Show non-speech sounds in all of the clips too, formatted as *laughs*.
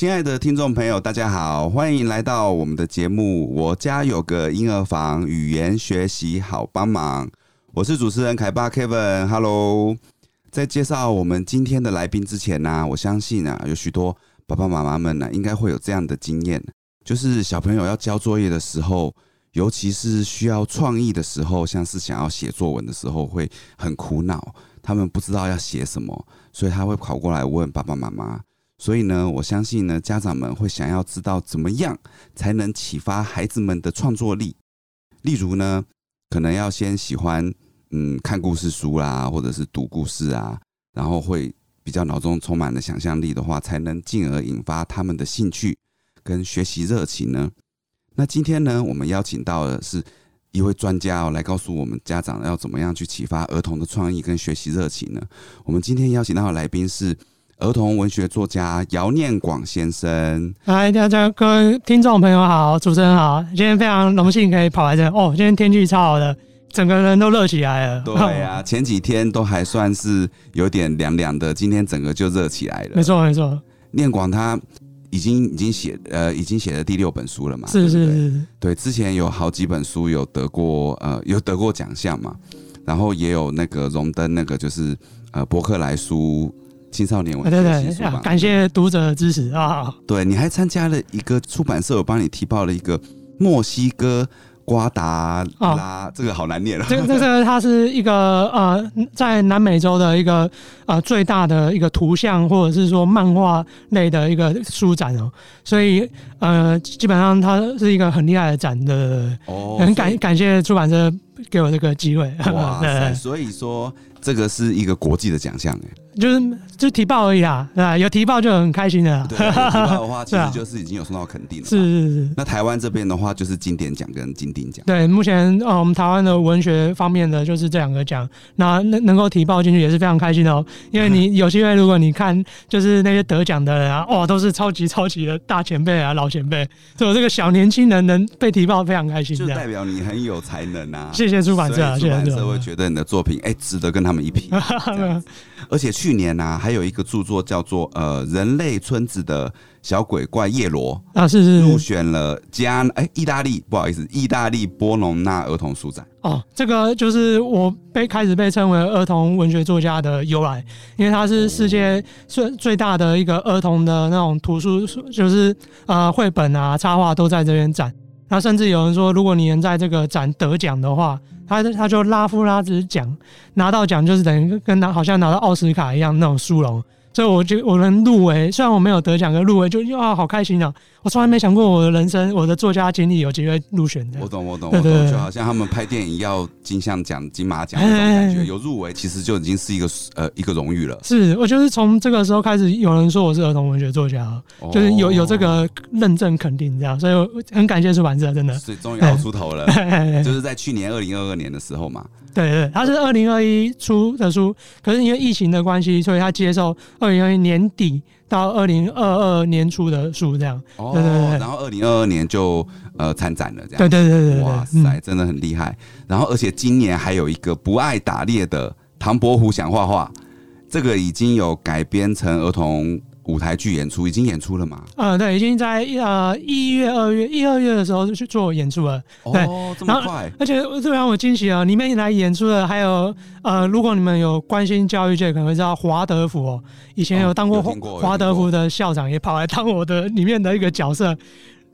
親愛的聽眾朋友，大家好，歡迎來到我們的節目《我家有個英兒房，語言學習好幫忙》。我是主持人凱爸 Kevin，Hello。在介紹我們今天的來賓之前呢、啊，我相信啊，有許多爸爸媽媽們呢、啊，應該會有這樣的經驗，就是小朋友要交作業的時候，尤其是需要創意的時候，像是想要寫作文的時候，會很苦惱，他們不知道要寫什麼，所以他會跑過來問爸爸媽媽。所以呢，我相信呢，家長們會想要知道怎麼樣才能啟發孩子們的創作力。例如呢，可能要先喜歡嗯看故事書啦、啊，或者是讀故事啊，然後會比較腦中充滿了想象力的話，才能進而引發他們的興趣跟學習熱情呢。那今天呢，我們邀請到的是一位專家哦、喔，來告訴我們家長要怎麼樣去啟發兒童的創意跟學習熱情呢？我們今天邀請到的來賓是。兒童文學作家姚念廣先生，來，大家各位聽眾朋友好，主持人好，今天非常榮幸可以跑來這哦，今天天氣超好的，整個人都熱起來了。對啊，前幾天都還算是有點涼涼的，今天整個就熱起來了沒錯。沒錯沒錯，念廣他已經已經寫呃已經寫了第六本書了嘛，是是是，是，對，之前有好幾本書有得過呃有得過獎項嘛，然後也有那個榮登那個就是呃博客來書。青少年文學，對對對、啊，感謝讀者的支持啊！對，你還參加了一個出版社，我幫你提報了一個墨西哥瓜達拉、啊，這個好難念啊！這、這個它是一個呃，在南美洲的一個、呃、最大的一個圖像或者是說漫畫類的一個書展哦、喔，所以呃，基本上它是一個很厲害的展的哦，很感感謝出版社給我這個機會。哇塞！ *laughs* 對對對，所以說這個是一個國際的獎項就是就提報而已啊，啊，有提報就很開心了。對啊、有提報的話，其實就是已經有收到肯定了。是是是。那台灣這邊的話，就是金典獎跟金鼎獎。對，目前哦，我們台灣的文學方面的就是這兩個獎。那能能夠提報進去也是非常開心的哦、喔。因為你有機會，如果你看就是那些得獎的人啊，哇，都是超級超級的大前輩啊，老前輩。所以這個小年輕人能被提報，非常開心的。就代表你很有才能啊！謝謝出版社、啊，謝謝出版社會覺得你的作品哎值得跟他們一拼、啊。 *laughs* 而且去。去年呢、啊，還有一個著作叫做《呃人類村子的小鬼怪葉羅》啊，是是，是入選了加安哎，意、欸、大利不好意思，意大利波隆那兒童書展哦，這個就是我被開始被稱為兒童文學作家的由來，因為它是世界最最大的一個兒童的那種圖書，就是呃繪本啊插畫都在這邊展，那甚至有人說，如果你能在這個展得獎的話，他他就拉夫拉斯獎拿到獎，就是等於跟拿好像拿到奧斯卡一樣那種殊榮，所以我就我能入圍，雖然我沒有得獎，跟入圍就啊好開心啊、喔。我從來沒想過我的人生，我的作家經歷有幾位入選的。我懂，我懂，我懂，就好像他們拍電影要金像獎、金馬獎的那種感覺，有入圍其實就已經是一個呃一個榮譽了。是，我就是從這個時候開始有人說我是兒童文學作家，就是有有這個認證肯定這樣，所以我很感謝出版社，真的。所以終於熬出頭了，就是在去年二零二二年的時候嘛。對對，對，他是二零二一出的書，可是因為疫情的關係，所以他接受二零二一年底，到二零二二年初的書這樣，哦，然後二零二二年就呃參展了這樣，對對對對，對，哇塞，真的很厲害。嗯、然後而且今年還有一個不愛打獵的唐伯虎想畫畫，這個已經有改編成兒童。舞台劇演出已經演出了嘛？嗯、呃，對，已經在一呃一月、二月、一二月的時候就去做演出了。哦，對然後，這麼快！而且特別讓我驚喜啊、哦！裡面來演出的還有呃，如果你們有關心教育界，可能會知道華德福、哦，以前有當過華德福的校長，也跑來當我的裡面的一個角色。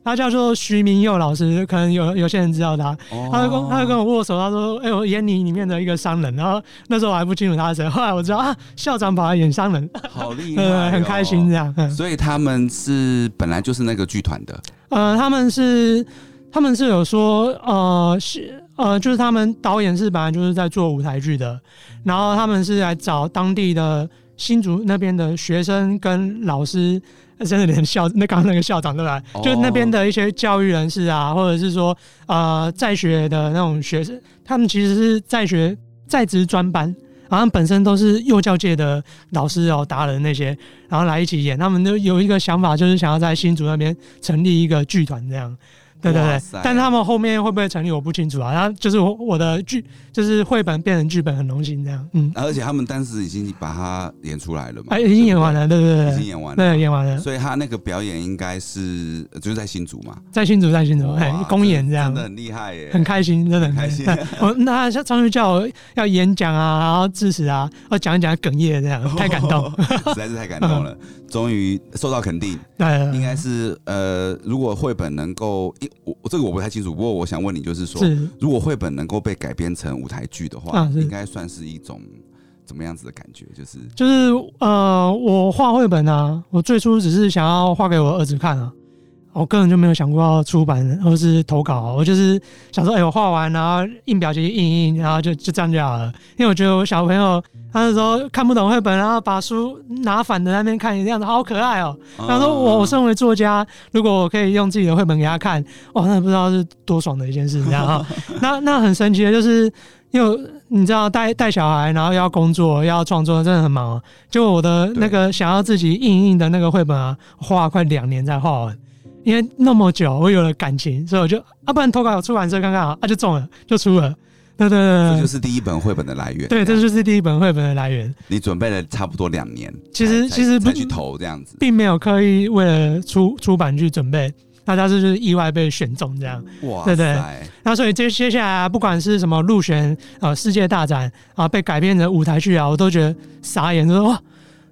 他叫做徐明佑老師，可能有有些人知道他。Oh. 他跟他跟我握手，他說：“哎、欸，我演你裡面的一個商人。”然後那時候我還不清楚他是誰，後來我知道啊，校長跑來演商人，好厲害、哦， *laughs* 很開心這樣。所以他們是本來就是那個劇團的。呃、嗯，他們是他們是有說，呃、嗯，是、嗯、呃，就是他們導演是本來就是在做舞台劇的，然後他們是來找當地的新竹那邊的學生跟老師。真的連校那剛剛那個校長都來，就那邊的一些教育人士啊，oh. 或者是說啊、呃、在學的那種學生，他們其實是在學在職專班，然後本身都是幼教界的老師哦，達人那些，然後來一起演。他們都有一個想法，就是想要在新竹那邊成立一個劇團這樣。對對對，但他們後面會不會成立，我不清楚啊。然後就是我我的劇，就是繪本變成劇本，很榮幸這樣。嗯、啊，而且他們當時已經把它演出來了嘛，哎、啊，已經演完了，對不對？對對對對對已經演完了對對對，對，演完了。所以他那個表演應該是就是在新竹嘛，在新竹，在新竹哎，公演這樣，這真的很厲害耶，很開心，真的很開心、啊。哦，那他常常叫我，要演講啊，然後致辭啊，要講一講，哽咽這樣、哦，太感動，實在是太感動了。嗯終於受到肯定，應該是呃，如果繪本能夠一、欸、我這個我不太清楚，不過我想問你，就是說，如果繪本能夠被改編成舞台劇的話，應該算是一種怎麼樣子的感覺？就是就是呃，我畫繪本啊，我最初只是想要畫給我兒子看啊。我個人就沒有想過要出版，或是投稿。我就是想說，哎、欸，我畫完，然後印表機，印印，然後就就這樣就好了。因為我覺得我小朋友，他那時候看不懂繪本，然後把書拿反的那邊看，這樣子好可愛哦、喔。他說，我我身為作家，如果我可以用自己的繪本給他看，哇，那不知道是多爽的一件事這樣，你知道嗎？那那很神奇的就是，因為你知道帶帶小孩，然後要工作，要創作，真的很忙。就我的那個想要自己印印的那個繪本啊，畫快兩年才畫完。因為那麼久，我有了感情，所以我就啊，不然投稿出版社看看啊，就中了，就出了，對對對，這就是第一本繪本的來源。對，這就是第一本繪本的來源。你準備了差不多兩年，其實其實不去投這樣子，並沒有刻意為了出出版去準備，大家是就是意外被選中這樣，哇對，對對？那所以接接下來、啊、不管是什麼入選啊世界大展啊被改編成舞台劇啊，我都覺得傻眼，說，哇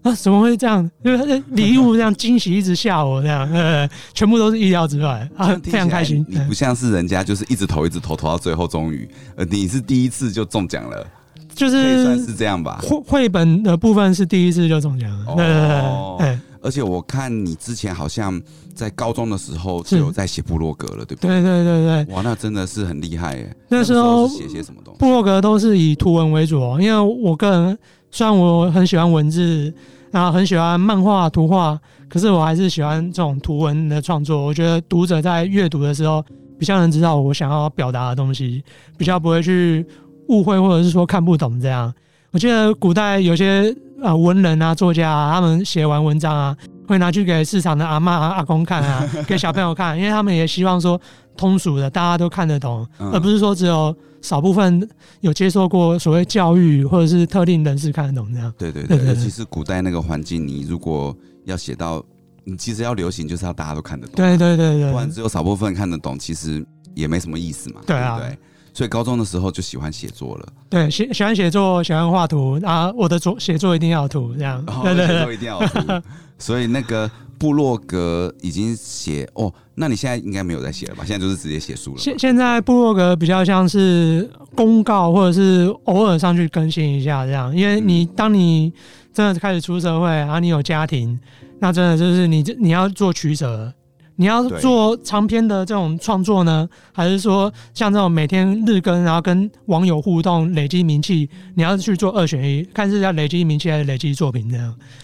啊，怎麼會這樣？因為他的禮物這樣驚喜，一直嚇我這樣，呃，全部都是意料之外啊，非常開心。你不像是人家，就是一直投，一直投，投到最後終於，呃，你是第一次就中獎了，就是算是這樣吧。繪繪本的部分是第一次就中獎了。哦、對，對，對，對對，對，而且我看你之前好像在高中的時候就有在寫部落格了，對不對？對對對對，哇，那真的是很厲害耶。那個、時候寫些什麼東西？部落格都是以圖文為主哦，因為我個人。雖然我很喜歡文字，然後，啊，很喜歡漫畫、圖畫，可是我還是喜歡這種圖文的創作。我覺得讀者在閱讀的時候，比較能知道我想要表達的東西，比較不會去誤會或者是說看不懂這樣。我記得古代有些啊、呃、文人啊，作家啊，他們寫完文章啊，會拿去給市場的阿嬤、啊、阿公看啊，給小朋友看， *laughs* 因為他們也希望說通俗的，大家都看得懂，而不是說只有。少部分有接受過所謂教育，或者是特定人士看得懂這樣。對對對，對對對其實古代那個環境，你如果要寫到，你其實要流行就是要大家都看得懂啊。對，對對對對，不然只有少部分看得懂，其實也沒什麼意思嘛。對啊，對，對，所以高中的時候就喜歡寫作了。對，喜喜歡寫作，喜歡畫圖啊！我的作寫作一定要圖這樣。然後寫作一定要圖， *laughs* 所以那個。部落格已經寫哦，那你現在應該沒有在寫了吧？現在就是直接寫書了。現現在部落格比較像是公告，或者是偶爾上去更新一下這樣。因為你當你真的開始出社會，然、啊、後你有家庭，那真的就是你你要做取捨。你要做長篇的這種創作呢，還是說像這種每天日更，然後跟網友互動，累積名氣？你要去做二選一，看是要累積名氣還是累積作品這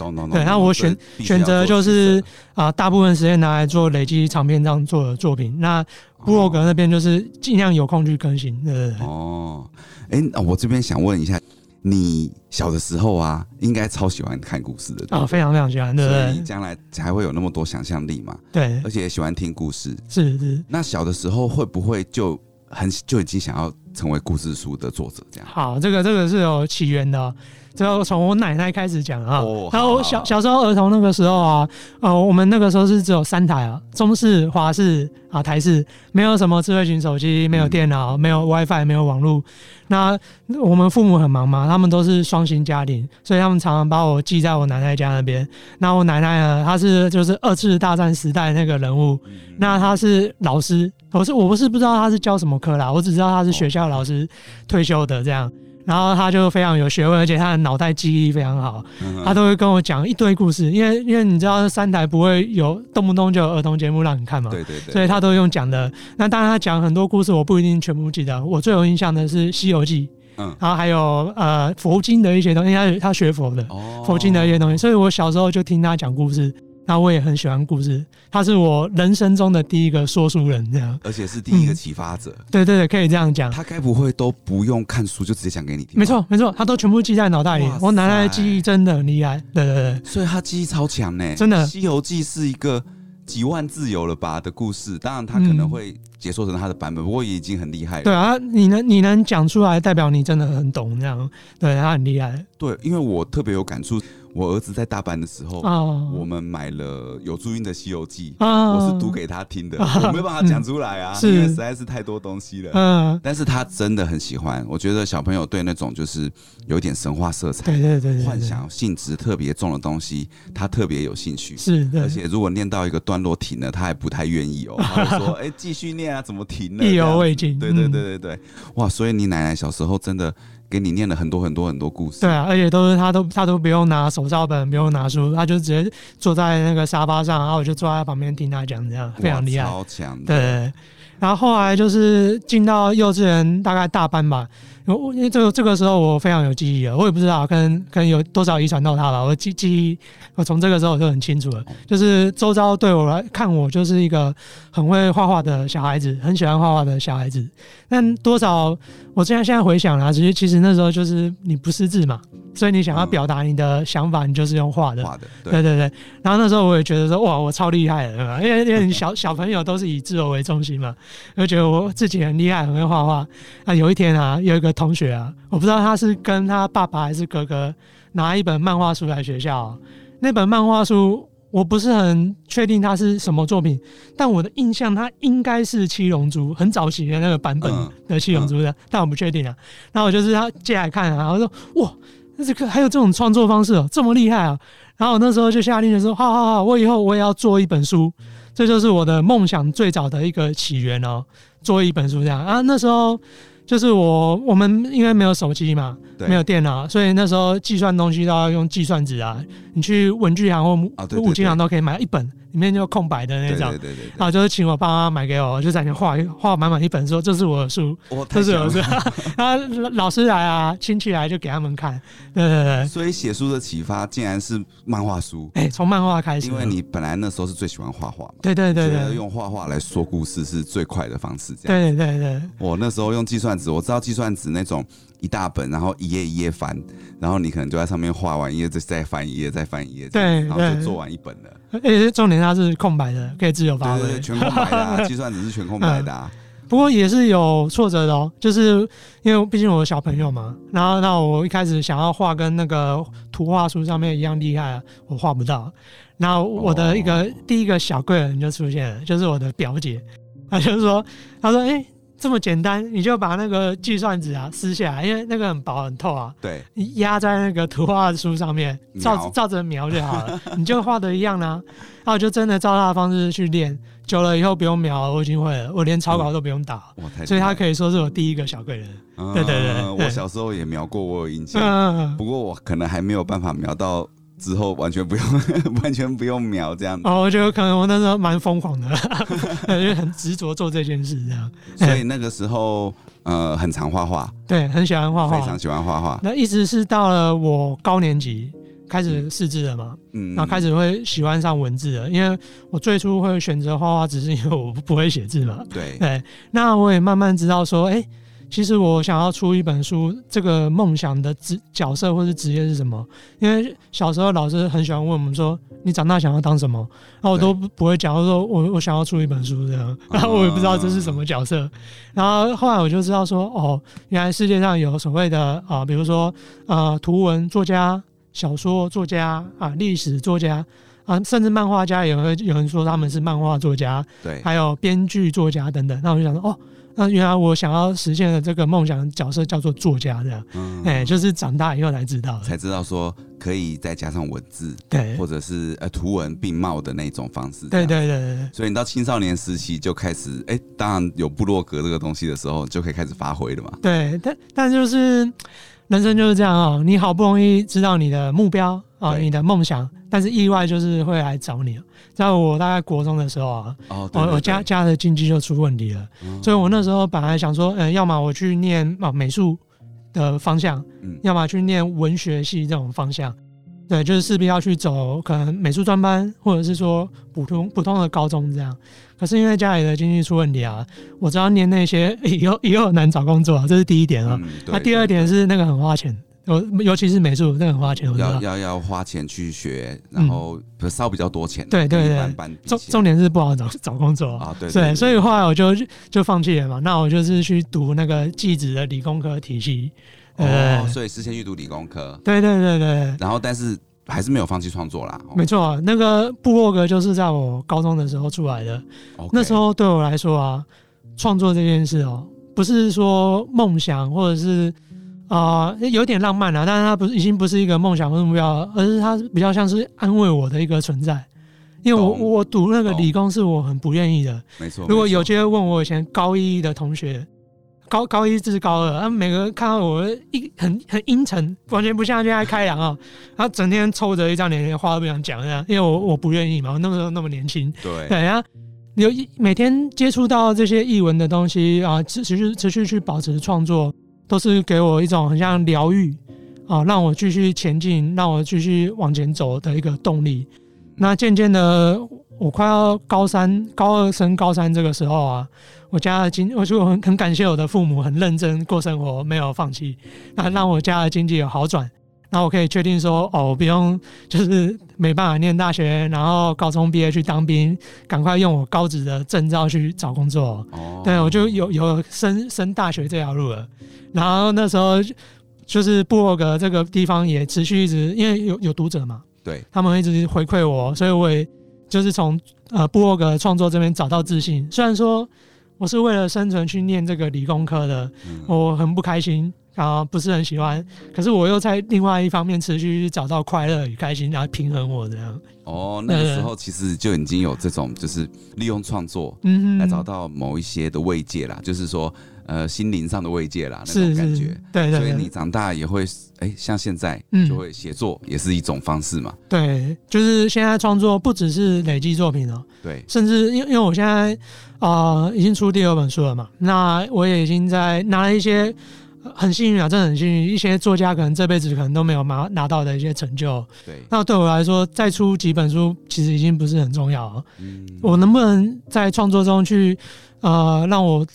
樣？對，那我選選擇就是啊，大部分時間拿來做累積長篇這樣做的作品。那布洛格那邊就是盡量有空去更新。對對對。哦，誒，那我這邊想問一下。你小的時候啊，應該超喜歡看故事的啊。哦，非常非常喜歡，對不對？所以你將來才會有那麼多想象力嘛，對，而且也喜歡聽故事，是，是是。那小的時候會不會就很就已經想要？成為故事書的作者，這樣好，這個這個是有起源的，只有從我奶奶開始講啊。哦，還有小好好好小時候兒童那個時候啊，呃，我們那個時候是只有三台啊，中視、華視啊、台視，沒有什麼智慧型手機，沒有電腦，沒有 WiFi，沒有網絡，嗯。那我們父母很忙嘛，他們都是雙薪家庭，所以他們常常把我寄在我奶奶家那邊。那我奶奶呢，她是就是二次大戰時代那個人物，嗯，那她是老師。我是我不是不知道他是教什麼科啦，我只知道他是學校老師退休的這樣，哦、然後他就非常有學問，而且他的腦袋記憶力非常好，嗯、他都會跟我講一堆故事，因為因為你知道三台不會有動不動就有兒童節目讓你看嘛，對對對，所以他都用講的、嗯，那當然他講很多故事，我不一定全部記得，我最有印象的是《西遊記》，嗯，然後還有呃佛經的一些東西，因為他，他學佛的、哦，佛經的一些東西，所以我小時候就聽他講故事。那我也很喜歡故事，他是我人生中的第一個說書人，這樣，而且是第一個啟發者、嗯。對對對，可以這樣講。他該不會都不用看書就直接講給你聽？沒錯沒錯，他都全部記在腦袋裡。我奶奶的記憶真的很厲害。對對對，所以他記憶超強呢，真的。《西遊記》是一個幾萬字有了吧的故事，當然他可能會解說成他的版本，不過也已經很厲害了。對啊，你能你能講出來，代表你真的很懂，這樣。對，他很厲害。對，因為我特別有感觸。我兒子在大班的時候，oh. 我們買了有注音的《西遊記》oh.，我是讀給他聽的，oh. 我沒有辦法講出來啊 *laughs* 是，因為實在是太多東西了。嗯、oh.，但是他真的很喜歡。我覺得小朋友對那種就是有點神話色彩、對對對,對,對,對幻想性質特別重的東西，他特別有興趣。是，而且如果念到一個段落停了，他還不太願意哦，就說：“哎、 *laughs* 欸，繼續念啊，怎麼停了？”意猶未盡。對、嗯、對對對對，哇！所以你奶奶小時候真的。給你念了很多很多很多故事，對啊，而且都是他都他都不用拿手抄本，不用拿書，他就直接坐在那個沙發上，然後我就坐在旁邊聽他講，這樣非常厲害，超強的對，對，對，對，然後後來就是進到幼稚園，大概大班吧，因為這這個時候我非常有記憶了，我也不知道可能可能有多少遺傳到他了，我記記憶，我從這個時候我就很清楚了，就是周遭對我來看我就是一個很會畫畫的小孩子，很喜歡畫畫的小孩子。但多少，我現在現在回想了、啊，其實其實那時候就是你不識字嘛，所以你想要表達你的想法，你就是用畫的、嗯。對對對。然後那時候我也覺得說，哇，我超厲害的，因為 *laughs* 因為小小朋友都是以自我為中心嘛，就覺得我自己很厲害，很會畫畫。啊，有一天啊，有一個同學啊，我不知道他是跟他爸爸還是哥哥拿一本漫畫書來學校、啊，那本漫畫書。我不是很確定它是什麼作品，但我的印象它應該是《七龍珠》很早期的那個版本的《七龍珠》的、uh, uh.，但我不確定啊。然後我就是借來看、啊，然後我說哇，那這個還有這種創作方式、喔，這麼厲害啊！然後我那時候就下令就說，好，好，好，我以後我也要做一本書，這就是我的夢想最早的一個起源哦、喔，做一本書這樣啊。那時候。就是我，我們因為沒有手機嘛，沒有電腦，所以那時候計算東西都要用計算紙啊。你去文具行或五金行都可以買一本。啊，對對對裡面就空白的那種，然後就是請我爸媽買給我，就在裡面畫畫滿滿一本書，這是我的書，這是我的書。然後老師來啊，親戚來就給他們看，對對對。所以寫書的啟發竟然是漫畫書，哎，從漫畫開始，因為你本來那時候是最喜歡畫畫嘛，對對對，用畫畫來說故事是最快的方式，這樣，對對對對。我那時候用計算紙，我知道計算紙那種。一大本，然後一頁一頁翻，然後你可能就在上面畫完一頁，再再翻一頁，再翻一頁，對，對，對，然後就做完一本了。而且，重點它是，是空白的，可以自由發揮，對，對，對，全空白的、啊，計 *laughs* 算紙，是全空白的、啊嗯。不過也是有挫折的哦，就是因為畢竟我小朋友嘛。然後，那我一開始想要畫跟那個圖畫書上面一樣厲害、啊，我畫不到。然後我的一個、哦、第一個小貴人就出現了，就是我的表姐，她就是說：“她說，哎、欸。”這麼簡單，你就把那個計算紙啊撕下來，因為那個很薄很透啊。對，你壓在那個圖畫書上面，照照着描就好了， *laughs* 你就畫的一樣然啊，然後我就真的照他的方式去練，久了以後不用描，我已經會了，我連草稿都不用打、嗯、哇，太太所以他可以說是我第一個小貴人、嗯。對對對，對，我小時候也描過，我有印象、嗯。不過我可能還沒有辦法描到。之後完全不用，完全不用描這樣。哦，我覺得可能我那時候蠻瘋狂的，我覺得很執着做這件事這樣。 *laughs* 所以那個時候，呃，很常畫畫。對，很喜歡畫畫，非常喜歡畫畫。那一直是到了我高年級開始識字了嘛，嗯，然後開始會喜歡上文字了，嗯、因為我最初會選擇畫畫，只是因為我不會寫字嘛。對，對那我也慢慢知道說，哎、欸。其實我想要出一本書，這個夢想的職角色或是職業是什麼？因為小時候老師很喜歡問我們說：“你長大想要當什麼？”然後我都不會講，我說：“我我想要出一本書這樣。”然後我也不知道這是什麼角色、啊。然後後來我就知道說：“哦，原來世界上有所謂的啊、呃，比如說啊、呃，圖文作家、小說作家啊，歷史作家啊，甚至漫畫家也有，有有人說他們是漫畫作家，對，還有編劇作家等等。”那我就想說：“哦。”那原來我想要實現的這個夢想角色叫做作家這樣，的嗯，哎、欸，就是長大以後才知道，才知道說可以再加上文字，對，或者是呃圖文並茂的那種方式，對,對對對。所以你到青少年時期就開始，哎、欸，當然有部落格這個東西的時候，就可以開始發揮了嘛。對，但但就是人生就是這樣啊、喔，你好不容易知道你的目標。啊、哦，你的夢想，但是意外就是會來找你。在我大概國中的時候啊，我、哦、我家家的經濟就出問題了、嗯，所以我那時候本來想說，嗯、呃，要麼我去念啊美術的方向，嗯、要麼去念文學系這種方向，對，就是勢必要去走可能美術專班或者是說普通普通的高中這樣。可是因為家裡的經濟出問題啊，我只要念那些以後以後難找工作，啊。這是第一點、嗯、對對對對啊。那第二點是那個很花錢。尤尤其是美術，那很花錢，我知道。要要要花錢去學，然後燒、嗯、比較多錢。對對對對，一般般重重點是不好找找工作啊。對，對，對，對，所以所以後來我就就放棄了嘛。那我就是去讀那個技職的理工科體系。哦、呃，所以事先去讀理工科。對對對對。然後，但是還是沒有放棄創作啦。哦、沒錯、啊，那個部落格就是在我高中的時候出來的。Okay、那時候對我來說啊，創作這件事哦、喔，不是說夢想或者是。啊、呃，有點浪漫了，但是它，不是已經不是一個夢想或者目標了，而是它比較像是安慰我的一個存在。因為我我讀那個理工是我很不願意的，沒錯。如果有機會，問我以前高一的同學，高高、高一至高二，他們每個看到我一很很陰沉，完全不像現在開朗啊，然 *laughs* 後整天臭着一張臉，連話都不想講這樣。因為我我不願意嘛，我那時候那麼年輕，對。然後你每天接觸到這些藝文的東西啊、呃，持續持續去保持創作。都是給我一種很像療癒，啊，讓我繼續前進，讓我繼續往前走的一個動力。那漸漸的，我快要高三、高二升高三這個時候啊，我家的經我就很很感謝我的父母，很認真過生活，沒有放棄，那讓我家的經濟有好轉。那我可以確定說，哦，不用，就是沒辦法念大學，然後高中畢業去當兵，趕快用我高職的證照去找工作。哦，對，我就有有升升大學這條路了。然後那時候，就是部落格這個地方也持續一直，因為有有讀者嘛，對，他們一直回饋我，所以我也就是從呃部落格創作這邊找到自信。雖然說我是為了生存去念這個理工科的，嗯、我很不開心。啊，不是很喜歡，可是我又在另外一方面持續去找到快樂與開心，來平衡我的。哦，那個時候其實就已經有這種，就是利用創作，嗯，來找到某一些的慰藉啦，嗯、就是說，呃，心靈上的慰藉啦。那種感覺。是是對,對,對對。所以你長大也會，哎、欸，像現在，就會寫作也是一種方式嘛。嗯、對，就是現在創作不只是累積作品哦、喔。對。甚至因因為我現在啊、呃，已經出第二本書了嘛，那我也已經在拿了一些。很幸運啊，真的很幸運。一些作家可能這輩子可能都沒有拿拿到的一些成就。對，那對我來說，再出幾本書其實已經不是很重要了。嗯。我能不能在創作中去，呃，讓我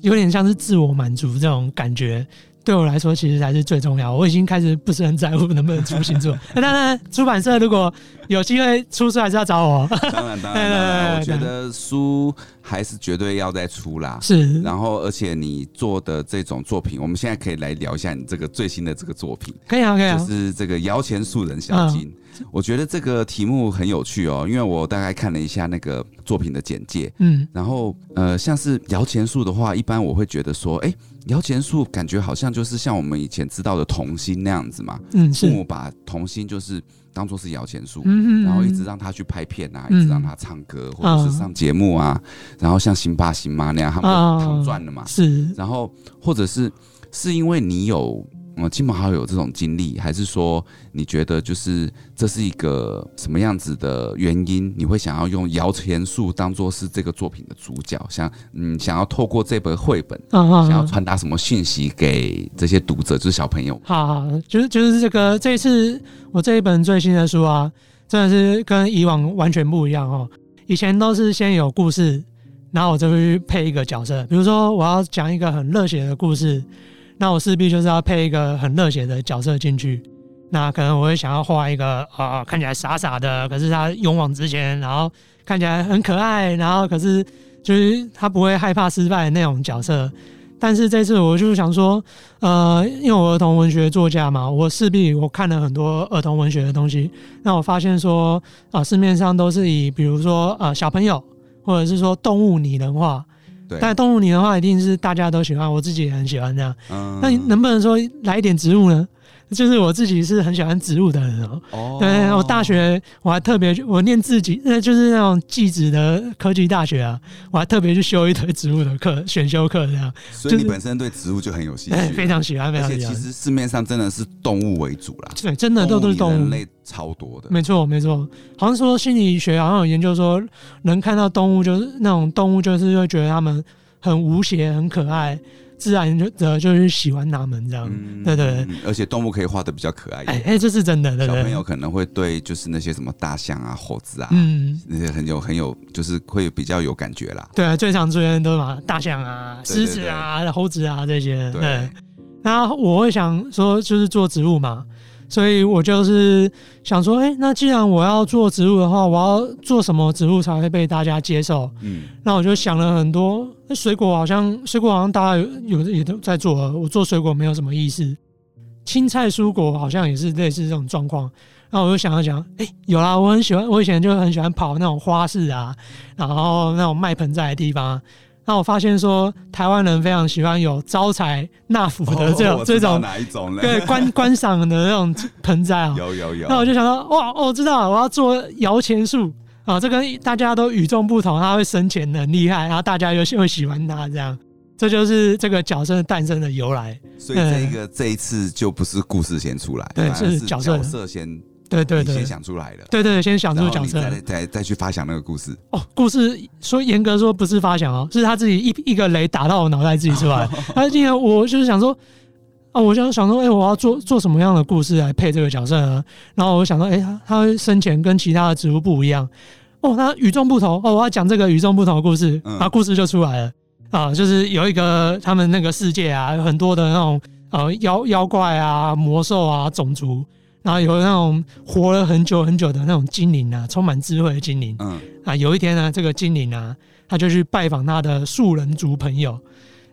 有點像是自我滿足這種感覺。對我來說，其實才是最重要。我已經開始不是很在乎能不能出新作。那 *laughs* 當然，出版社如果有機會出書，還是要找我。當然，當然 *laughs* 對對對對對，我覺得書還是絕對要再出啦。是。然後，而且你做的這種作品，我們現在可以來聊一下你這個最新的這個作品。可以啊，可以啊。就是這個“搖錢樹人小金”、嗯，我覺得這個題目很有趣哦、喔。因為我大概看了一下那個作品的簡介，嗯，然後呃，像是搖錢樹的話，一般我會覺得說，哎、欸。搖錢樹感覺好像就是像我們以前知道的童星那樣子嘛，嗯、是父母把童星就是當做是搖錢樹、嗯嗯嗯，然後一直讓他去拍片啊，嗯、一直讓他唱歌或者是上節目啊、嗯，然後像星爸星媽那樣，他們都躺賺、嗯、了嘛，是，然後或者是是因為你有。嗯，親朋好友有這種經歷，還是說你覺得就是這是一個什麼樣子的原因？你會想要用搖錢樹當作是這個作品的主角，想嗯，想要透過這本繪本，想要傳達什麼訊息給這些讀者、嗯，就是小朋友。好好，就是就是這個這一次我這一本最新的書啊，真的是跟以往完全不一樣哦。以前都是先有故事，然後我就會去配一個角色，比如說我要講一個很熱血的故事。那我勢必就是要配一個很熱血的角色進去，那可能我會想要畫一個，啊，呃，看起來傻傻的，可是他勇往直前，然後看起來很可愛，然後可是就是他不會害怕失敗的那種角色。但是這次我就想說，呃，因為我兒童文學作家嘛，我勢必我看了很多兒童文學的東西，那我發現說，啊，呃，市面上都是以比如說呃小朋友或者是說動物擬人化。但動物你的話一定是大家都喜歡，我自己也很喜歡這樣。嗯。那你能不能說來一點植物呢？就是我自己是很喜歡植物的人哦。對，我大學我還特別，我念自己那就是那種技職的科技大學啊，我還特別去修一堆植物的課，選修課這樣，就是。所以你本身對植物就很有興趣？非常喜歡。非常喜歡。而且其實市面上真的是動物為主啦，對，真的都是動物人類超多的。沒錯，沒錯。好像說心理學好像有研究說，能看到動物就是那種動物，就是會覺得他們很無邪，很可愛。自然就就是喜歡他們這樣，嗯、對對，對，而且動物可以畫的比較可愛一點。哎、欸、哎、欸，這是真的對對對。小朋友可能會對就是那些什麼大象啊、猴子啊，嗯，那些很有很有就是會比較有感覺啦。對啊，最常出現的都是嘛，大象啊、獅子啊對對對、猴子啊這些對。對。那我會想說，就是做植物嘛。所以我就是想說，誒、欸，那既然我要做植物的話，我要做什麼植物才會被大家接受？嗯，那我就想了很多。那水果好像水果好像大家有，有，有也都在做，我做水果沒有什麼意思。青菜蔬果好像也是類似這種狀況。那我就想了想，誒、欸，有啦，我很喜歡，我以前就很喜歡跑那種花市啊，然後那種賣盆栽的地方啊。那我發現說，台灣人非常喜歡有招財納福的這種、這、哦、哪一種， *laughs* 對觀、觀賞的那種盆栽啊、喔。有有有。那我就想說，哇，我、哦、知道我要做搖錢樹啊！這個大家都與眾不同，它會生錢很厲害，然後大家又會喜歡它這樣。這就是這個角色誕生的由來。所以這個、嗯、這一次就不是故事先出來，對，是角色先。對對對，對，對，先想出來對對對，先想出來的，對對先想出角色再，再再再去發想那個故事。哦，故事說嚴格說不是發想哦，是他自己一一個雷打到我腦袋自己出來。他 *laughs* 今天我就是想說啊、哦，我就想說，哎、欸，我要做做什麼樣的故事來配這個角色呢？然後我想說，哎、欸，他他會生前跟其他的植物不一樣哦，他與眾不同哦，我要講這個與眾不同的故事，嗯、然故事就出來了啊，就是有一個他們那個世界啊，有很多的那種啊、呃，妖妖怪啊、魔獸啊、種族。然後有那種活了很久很久的那種精靈啊，充滿智慧的精靈。啊、嗯，有一天呢，這個精靈啊，他就去拜訪他的樹人族朋友。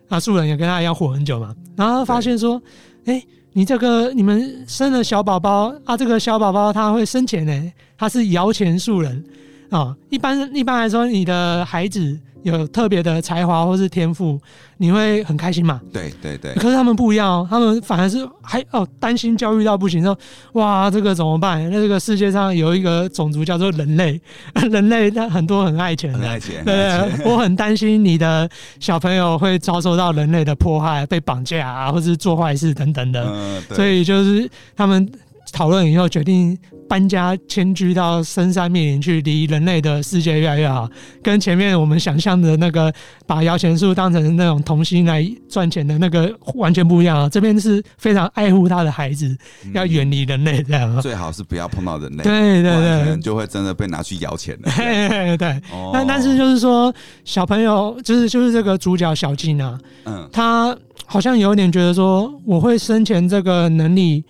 啊，樹人也跟他一樣活很久嘛。然後發現說，哎、欸，你這個你們生了小寶寶啊，這個小寶寶他會生錢呢、欸，他是搖錢樹人啊、哦。一般一般來說，你的孩子。有特別的才華或是天賦，你會很開心嘛？對對對。可是他們不一樣哦，他們反而是還哦擔心教育到不行說哇，這個怎麼辦？那這個世界上有一個種族叫做人類，人類他很多很愛錢的很愛錢，很愛錢。對，很愛錢。我很擔心你的小朋友會遭受到人類的迫害、被綁架啊，或是做壞事等等的，嗯。所以就是他們。討論以後決定搬家遷居到深山密林去，離人類的世界越來越好。跟前面我們想象的那個把搖錢樹當成那種童心來賺錢的那個完全不一樣啊！這邊是非常愛護他的孩子，要遠離人類，嗯，最好是不要碰到人類。對對對，可能就會真的被拿去搖錢了。對對對。對、對、對，但、哦、但是就是說，小朋友就是就是這個主角小金啊，嗯，他好像有點覺得說，我會生錢這個能力。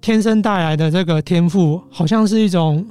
天生帶來的這個天賦，好像是一種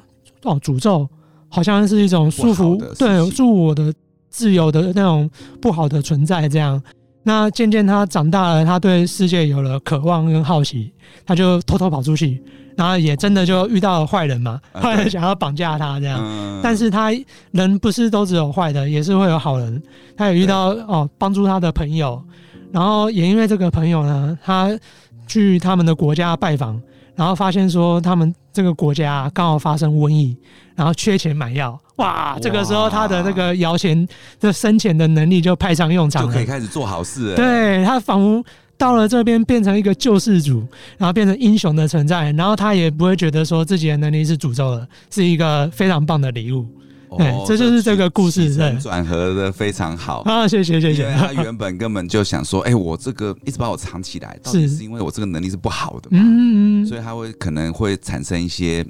哦詛咒，好像是一種束縛，對，束縛我的自由的那種不好的存在。這樣，那漸漸他長大了，他對世界有了渴望跟好奇，他就偷偷跑出去，然後也真的就遇到了壞人嘛，壞、啊、人想要綁架他這樣、嗯。但是他人不是都只有壞的，也是會有好人。他也遇到哦幫助他的朋友，然後也因為這個朋友呢，他去他們的國家拜訪。然後發現說他們這個國家剛好發生瘟疫，然後缺錢買藥，哇！哇這個時候他的那個搖錢的生錢的能力就派上用場了，就可以開始做好事了。對，他仿佛到了這邊變成一個救世主，然後變成英雄的存在，然後他也不會覺得說自己的能力是詛咒了，是一個非常棒的禮物。對、哦，這就是這個故事，是轉合的非常好啊、哦！謝謝謝謝。他原本根本就想說，哎、欸，我這個一直把我藏起來，到底是因為我這個能力是不好的嘛？嗯嗯，所以他會可能會產生一些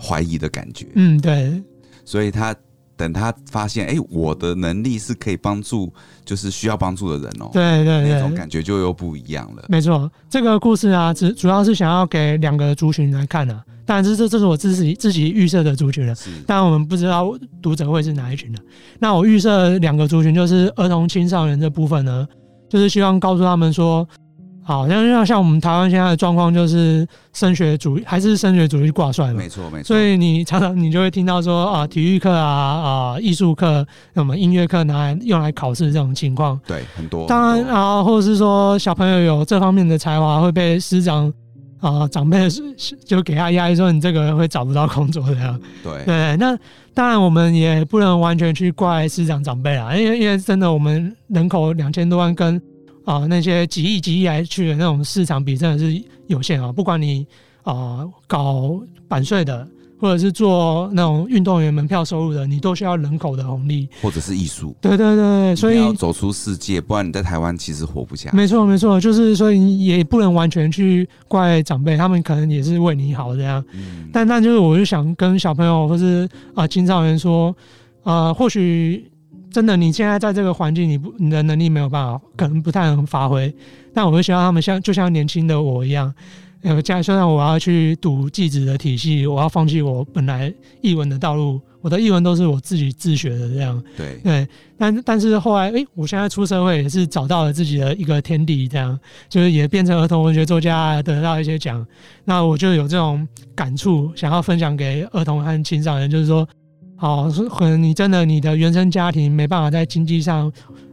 懷疑的感覺。嗯，對，所以他。等他發現，哎、欸，我的能力是可以幫助，就是需要幫助的人哦、喔。對對對，那種感覺就又不一樣了。沒錯，這個故事啊，只主要是想要給兩個族群來看的、啊。當然，這這這是我自己自己預設的族群了。當然，但我們不知道讀者會是哪一群的、啊。那我預設兩個族群，就是兒童、青少年這部分呢，就是希望告訴他們說。好像就像像我們台灣現在的狀況，就是升學主義還是升學主義掛帥嘛。沒錯沒錯。所以你常常你就會聽到說啊、呃，體育課啊啊，藝術課什麼音樂課拿來用來考試這種情況，對，很多。當然啊，或者是說小朋友有這方面的才華，會被師長啊、呃、長輩就給他壓力說你這個人會找不到工作的。對對，那當然我們也不能完全去怪師長長輩啊，因為因為真的我們人口兩千多萬跟。啊，那些幾億、幾億來去的那種市場，比真的是有限啊！不管你啊、呃，搞版稅的，或者是做那種運動員門票收入的，你都需要人口的紅利，或者是藝術。對對對，所以你要走出世界，不然你在台灣其實活不下。沒錯沒錯，就是所以也不能完全去怪長輩，他們可能也是為你好這樣。嗯、但但就是我就想跟小朋友或是啊青、呃、少年說啊、呃，或許。真的，你現在在這個環境，你不你的能力沒有辦法，可能不太能發揮。但我會希望他們像就像年輕的我一樣，現、呃、在雖然我要去讀技職的體系，我要放棄我本來藝文的道路，我的藝文都是我自己自學的這樣。對對，但但是後來，誒、欸，我現在出社會也是找到了自己的一個天地，這樣就是也變成兒童文學作家，得到一些獎。那我就有這種感觸，想要分享給兒童和青少年，就是說。好、哦，是可能你真的你的原生家庭沒辦法在經濟上，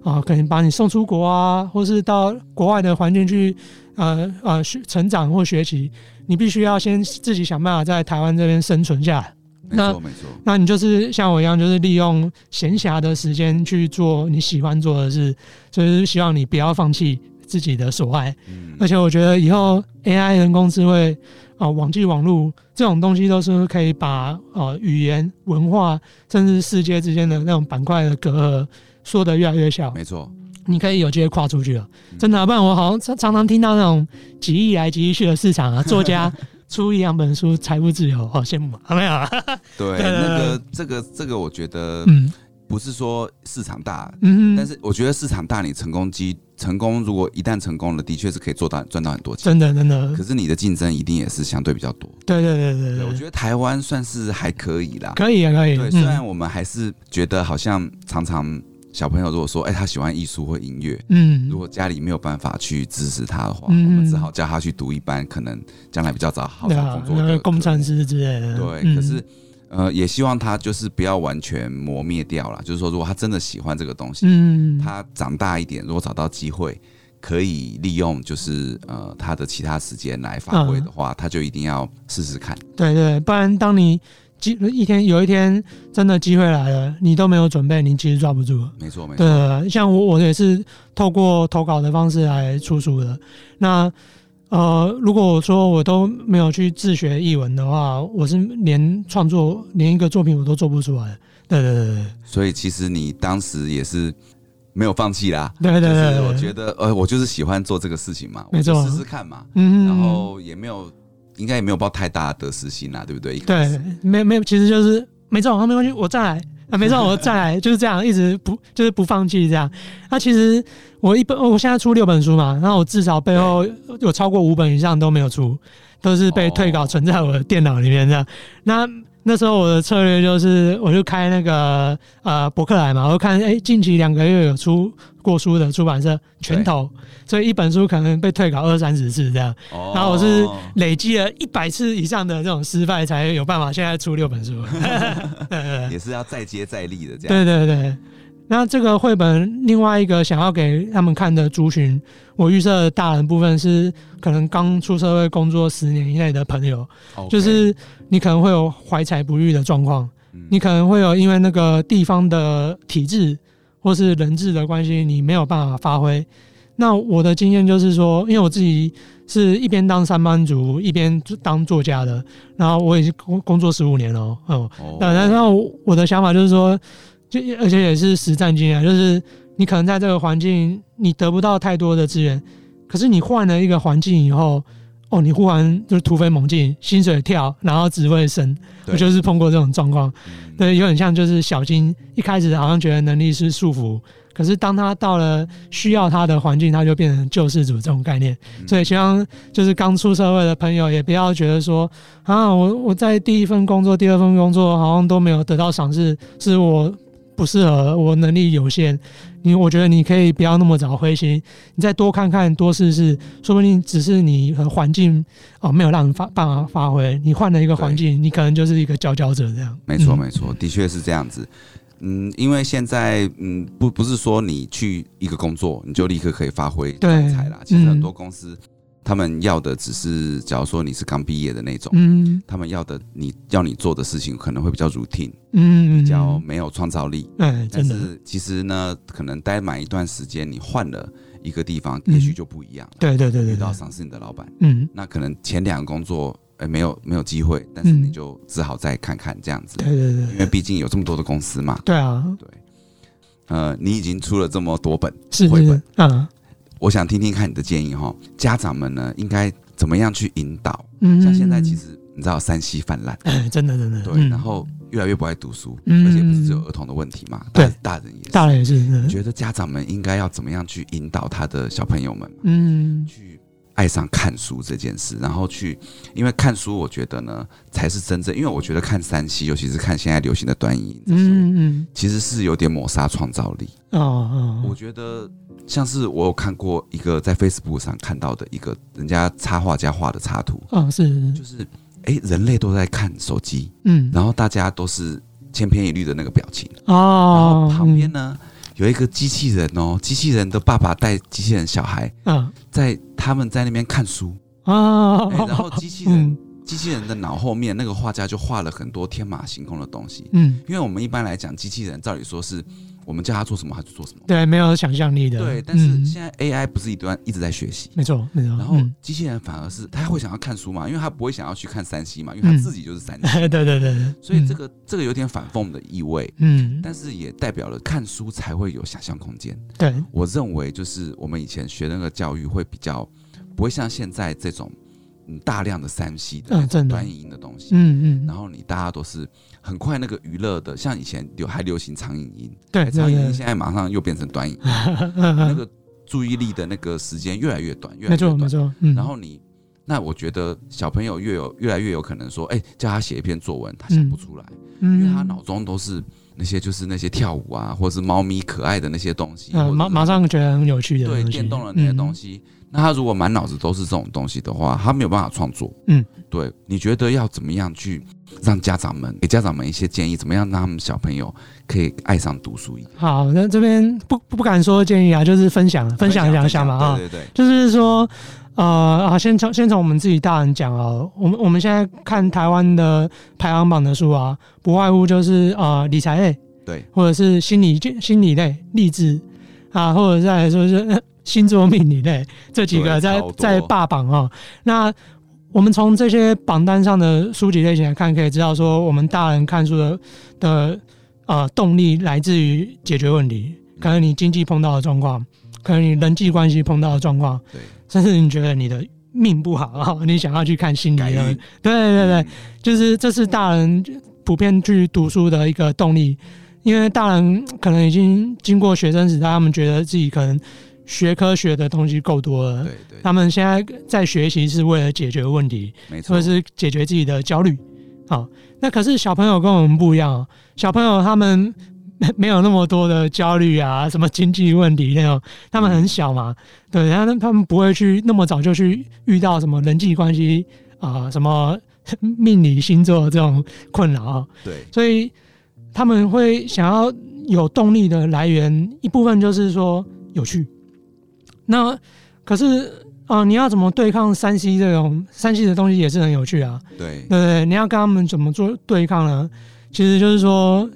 啊、哦，可能把你送出國啊，或是到國外的環境去，呃呃學成長或學習，你必須要先自己想辦法在台灣這邊生存下來。沒錯沒錯，那你就是像我一樣，就是利用閒暇的時間去做你喜歡做的事，就是希望你不要放棄自己的所愛、嗯。而且我覺得以後 AI 人工智慧。啊、哦，網際網路這種東西都是可以把啊、呃、語言、文化甚至世界之間的那種板塊的隔閡，說得越來越小。沒錯，你可以有機會跨出去了。嗯、真的、啊，不然我好像常常聽到那種幾億來幾億去的市場啊。作家出一兩本書，財 *laughs* 務自由，好羨慕啊，沒有啊？對，那個這個這個，這個、我覺得嗯，不是說市場大，嗯，但是我覺得市場大，你成功機。成功，如果一旦成功了，的確是可以做到賺到很多錢，真的真的。可是你的競爭一定也是相對比較多。對對對對，對，對，我覺得台灣算是還可以啦，可以啊可以。對，雖然我們還是覺得好像常常小朋友，如果說哎、嗯欸、他喜歡藝術或音樂，嗯，如果家裡沒有辦法去支持他的話，嗯嗯我們只好叫他去讀一般可能將來比較找好的工作的工程、啊那個、師之類的。對，嗯、可是。呃，也希望他就是不要完全磨滅掉了。就是說，如果他真的喜歡這個東西，嗯，他長大一點，如果找到機會，可以利用就是呃他的其他時間來發揮的話，嗯，他就一定要試試看。對對，對，不然當你機一天有一天真的機會來了，你都沒有準備，你其實抓不住。沒錯沒錯，對對對對，像我我也是透過投稿的方式來出書的，那。呃，如果我說我都沒有去自學藝文的話，我是連創作連一個作品我都做不出來。對對對對。所以其實你當時也是沒有放棄啦。對對對,對。我覺得呃，我就是喜歡做這個事情嘛，沒錯啊、我就試試看嘛。嗯然後也沒有，嗯、應該也沒有抱太大的得失心啦，對不對？對，沒沒，其實就是沒中，沒關係，我再來。啊，沒錯，我再來，就是這樣， *laughs* 一直不就是不放棄這樣。那其實我一本，我現在出六本書嘛，那我至少背後有超過五本以上都沒有出，都是被退稿存在我的電腦裡面這樣。那那時候我的策略就是，我就開那個呃博客來嘛，我就看哎、欸、近期兩個月有出過書的出版社全投，所以一本書可能被退稿二三十次這樣，哦，然後我是累積了一百次以上的這種失敗，才有辦法現在出六本書。哦、 *laughs* 對對對，也是要再接再厲的這樣。對對對，那這個繪本另外一個想要給他們看的族群，我預設的大人的部分是可能剛出社會工作十年以內的朋友，okay、就是。你可能會有懷才不遇的狀況，你可能會有因為那個地方的體制或是人治的關係，你沒有辦法發揮。那我的經驗就是說，因為我自己是一邊當上班族一邊當作家的，然後我已經工工作十五年了。哦、嗯，那、oh、然後我的想法就是說，就而且也是實戰經驗，就是你可能在這個環境你得不到太多的資源，可是你換了一個環境以後。哦，你忽然就是突飛猛進，薪水跳，然後職位升，我就是碰過這種狀況、嗯。對，有點像就是小金一開始好像覺得能力是束縛，可是當他到了需要他的環境，他就變成救世主這種概念。所以希望就是剛出社會的朋友也不要覺得說啊，我我在第一份工作、第二份工作好像都沒有得到賞識，是我不適合，我能力有限。你我覺得你可以不要那麼早灰心，你再多看看，多試試，說不定只是你的環境哦沒有讓你發辦法發揮，你換了一個環境，你可能就是一個佼佼者這樣。沒錯、嗯、沒錯，的確是這樣子。嗯，因為現在嗯不不是說你去一個工作你就立刻可以發揮才啦對，嗯、其實很多公司，他們要的只是，假如說你是剛畢業的那種，嗯，他們要的你要你做的事情可能會比較 routine，嗯，嗯比較沒有創造力，對但是真的其實呢，可能待滿一段時間，你換了一個地方，嗯、也許就不一樣了，對對對對，遇到賞識你的老板，嗯，那可能前兩個工作哎、欸、沒有沒有機會，但是你就只好再看看這樣子，嗯、對，對對對，因為畢竟有這麼多的公司嘛，對啊，對，呃，你已經出了這麼多本，繪本，是是，是啊。我想聽聽看你的建議哈，家長們呢，應該怎麼樣去引導？嗯，像現在其實你知道 3C 泛濫、欸，真的真的，對、嗯，然後越來越不愛讀書、嗯，而且不是只有兒童的問題嘛，對，大人也是，大人也是，你覺得家長們應該要怎麼樣去引導他的小朋友們？嗯。去愛上看書這件事，然後去，因為看書，我覺得呢，才是真正，因為我覺得看 3C，尤其是看現在流行的短影的，嗯嗯，其實是有點抹殺創造力哦，哦。我覺得像是我有看過一個在 Facebook 上看到的一個人家插畫家畫的插圖、哦、是，是，是就是，哎、欸，人類都在看手機，嗯，然後大家都是千篇一律的那個表情哦，然後旁邊呢，嗯有一個機器人哦，機器人的爸爸帶機器人小孩、啊，在他們在那邊看書啊、欸，然後機器人、嗯、機器人的腦後面那個畫家就畫了很多天馬行空的東西，嗯，因為我們一般來講，機器人照理說是。我們叫他做什麼，他就做什麼。對，沒有想象力的。對，但是現在 AI 不是一段一直在學習？沒錯，沒錯。然後機器人反而是，他會想要看書嘛？因為他不會想要去看三 C 嘛？因為他自己就是三 C。對對對。所以這個這個有點反諷的意味。嗯。但是也代表了看書才會有想象空間。對、嗯、我認為就是我們以前學的那個教育會比較不會像現在這種大量的三 C 的短影音，音的東西。嗯，真的。嗯，嗯。然後你大家都是。很快，那個娛樂的，像以前流還流行長影音，對，長影音現在馬上又變成短影音，對對對，嗯、 *laughs* 那個注意力的那個時間越來越短，越來越短。沒錯，沒錯。然後你、嗯，那我覺得小朋友越有越來越有可能說，哎、欸，叫他寫一篇作文，他想不出來，嗯、因為他腦中都是那些就是那些跳舞啊，或是貓咪可愛的那些東西，啊、馬馬上覺得很有趣的，對，電動的那些東西。嗯那他如果滿腦子都是這種東西的話，他沒有辦法創作。嗯，對，你覺得要怎麼樣去讓家長們給家長們一些建議？怎麼樣讓他們小朋友可以愛上讀書？好，那這邊不不敢說建議啊，就是分享分享，分享一下嘛啊，對對對，對，就是說，呃啊，先從先從我們自己大人講啊，我們我們現在看台灣的排行榜的書啊，不外乎就是呃理財類，對，或者是心理建心理類勵志啊，或者再來說，就是。星座命理類這幾個在在霸榜哈，那我們從這些榜單上的書籍類型來看，可以知道說，我們大人看書的的啊、呃、動力來自於解決問題，可能你經濟碰到的狀況，可能你人際關係碰到的狀況，甚至你覺得你的命不好，你想要去看心理醫生。對對對、嗯，就是這是大人普遍去讀書的一個動力，因為大人可能已經經過學生時代，他們覺得自己可能學科學的東西夠多了，對對對對他們現在在學習是為了解決問題沒錯，或者是解決自己的焦慮。好、哦，那可是小朋友跟我們不一樣、哦，小朋友他們沒有那麼多的焦慮啊，什麼經濟問題那種，他們很小嘛，對，他他們不會去那麼早就去遇到什麼人際關係啊、呃，什麼命理星座這種困擾啊。對，所以他們會想要有動力的來源，一部分就是說有趣。那可是啊、呃，你要怎麼對抗三 C 這種三 C 的東西也是很有趣啊，對。對對對，你要跟他們怎麼做對抗呢？其實就是說，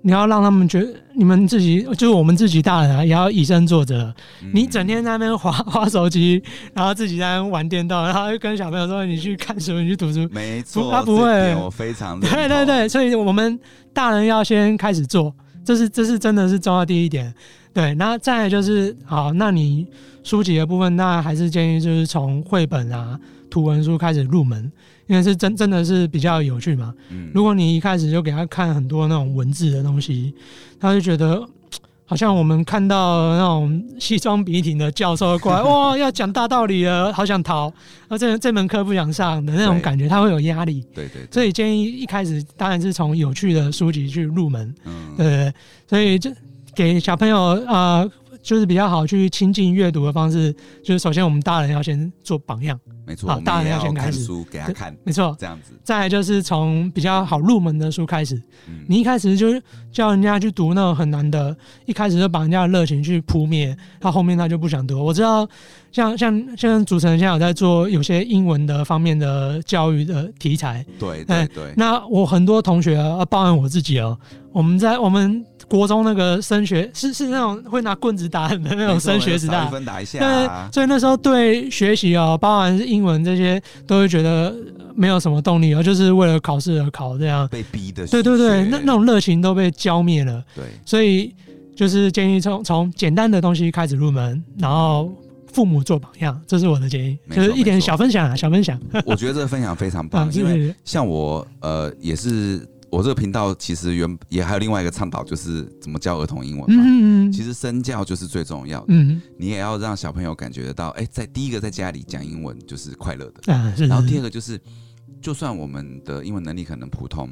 你要讓他們覺得你們自己就是，我們自己大人、啊、也要以身作則、嗯。你整天在那邊滑滑手機，然後自己在那邊玩電動，然後又跟小朋友說你去看書，你去讀書。沒錯，他不會，我非常認同對對對。所以我們大人要先開始做，這是這是真的是重要第一點。對，那再來就是好，那你書籍的部分，那還是建議就是從繪本啊、圖文書開始入門，因為是真真的是比較有趣嘛、嗯。如果你一開始就給他看很多那種文字的東西，他就覺得好像我們看到那種西裝筆挺的教授過來，哇，要講大道理了，好想逃，那、 *laughs* 啊、這這門課不想上的那種感覺，他會有壓力。對對，對對，所以建議一開始當然是從有趣的書籍去入門。嗯、對，對，對，所以這。給小朋友啊，就是比較好去親近閱讀的方式，就是首先我們大人要先做榜樣。沒錯，好，大人要先開始看書給他看，沒錯，這樣子。再來就是從比較好入門的書開始。嗯，你一開始就叫人家去讀那種很難的，一開始就把人家的熱情去撲滅，他後，後面他就不想讀。我知道像，像像像主持人現在有在做有些英文的方面的教育的題材，對對對。嗯、那我很多同學啊、哦，包含我自己哦，我們在我們國中那個升學是是那種會拿棍子打人的那種升學子彈，打一下對。啊，所以那時候對學習哦，包含是。英文這些都會覺得沒有什麼動力，而就是為了考試而考，這樣被逼的。對對對，那那種熱情都被澆滅了。對，所以就是建議從從簡單的東西開始入門，然後父母做榜樣，這是我的建議，就是一點小分享啊，小分享。我覺得這個分享非常棒， *laughs* 因為像我呃也是。我這個頻道其實原也還有另外一個倡導，就是怎麼教兒童英文嘛。其實身教就是最重要的。你也要讓小朋友感覺得到，哎，在第一個在家裡講英文就是快樂的。然後第二個就是，就算我們的英文能力可能普通，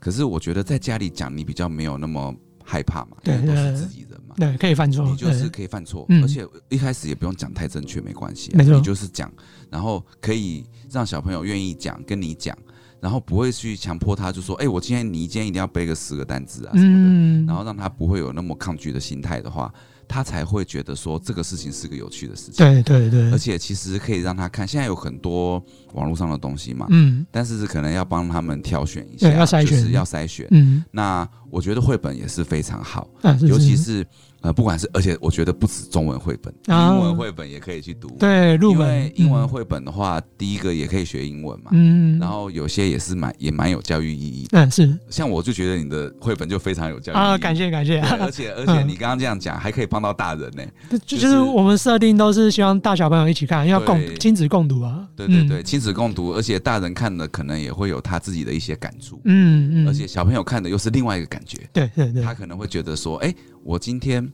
可是我覺得在家裡講，你比較沒有那麼害怕嘛。對，都是自己人嘛。對，可以犯錯，你就是可以犯錯。而且一開始也不用講太正確，沒關係。沒錯，你就是講，然後可以讓小朋友願意講，跟你講。然後不會去強迫他，就說：“哎、欸，我今天你今天一定要背個十個單字啊什麼的。嗯”的然後讓他不會有那麼抗拒的心態的話，他才會覺得說這個事情是個有趣的事情。對對對，而且其實可以讓他看，現在有很多網絡上的東西嘛。嗯，但是可能要幫他們挑選一下，要篩選，就是、要篩選。嗯，那我覺得繪本也是非常好，啊、是是。尤其是。呃，不管是而且我覺得不止中文繪本，啊，英文繪本也可以去讀。對，入因為英文繪本的話，嗯，第一個也可以學英文嘛。嗯。然後有些也是蠻也蠻有教育意義。嗯，是。像我就覺得你的繪本就非常有教育意義。啊，感謝感謝。而且而且，而且你剛剛這樣講，嗯、還可以幫到大人呢，欸。就是、就，就是我們設定都是希望大小朋友一起看，要共親子共讀啊。對對對，對，親子共讀，嗯，而且大人看的可能也會有他自己的一些感觸。嗯嗯。而且小朋友看的又是另外一個感覺。對對對。他可能會覺得說，哎、欸。我今天，